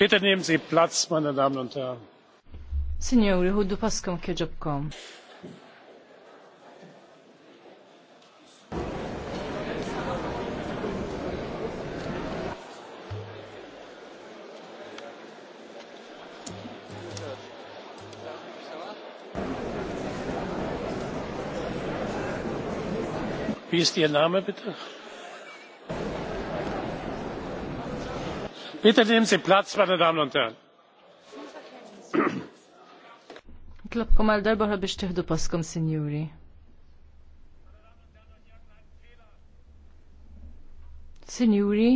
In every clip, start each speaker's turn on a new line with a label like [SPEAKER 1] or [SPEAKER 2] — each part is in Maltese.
[SPEAKER 1] Bitte nehmen Sie Platz, meine Damen und Herren.
[SPEAKER 2] Signori, ħuddu paskom kieġobkom.
[SPEAKER 1] Wie ist Ihr Name bitte? Bitte nehmen Sie Platz, meine Damen und Herren.
[SPEAKER 2] Tlobkom għal darba biex tieħdu paskom, Sinjuri. Sinjuri,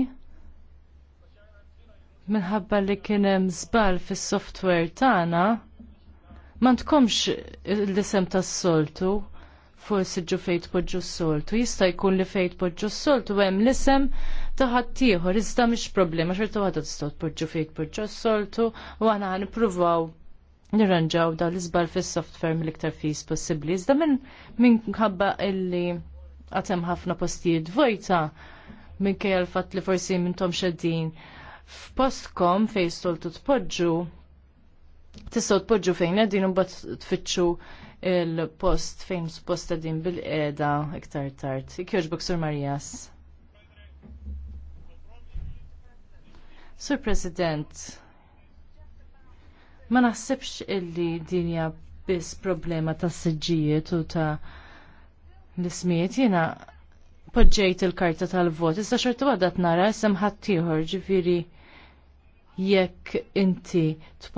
[SPEAKER 2] minħabba li kien hemm żball fis-software tagħna, ma tkomx l-isem tas-soltu forsi ġu fejt podġu s-soltu. Jista' jkun li fejt podġu s-soltu hemm l-isem ta' ħaddieħor, iżda mhix problema xorta t-stot tpoġġu fejt podġu s-soltu u aħna nippruvaw nirranġaw da l-iżbal fis-software mill-iktar fis possibbli. Iżda minn minħabba illi għatem ħafna postijiet vojta minkejja l-fatt li forsi minnhom xeddin f'postkom fejn stoltu tpoġġu tistgħu tpoġġu fejn qegħdin imbagħad tfittxu il-post fejn suppost qegħdin bil-qiegħda iktar tard. Ikjoġbok Sur Marias. Sur President, ma naħsibx illi dinja biss problema ta' siġġijiet u ta' l-ismijiet jiena. poġġejt il-karta tal-vot, issa xorta għadat nara jisem ħattijħor ġifiri jekk inti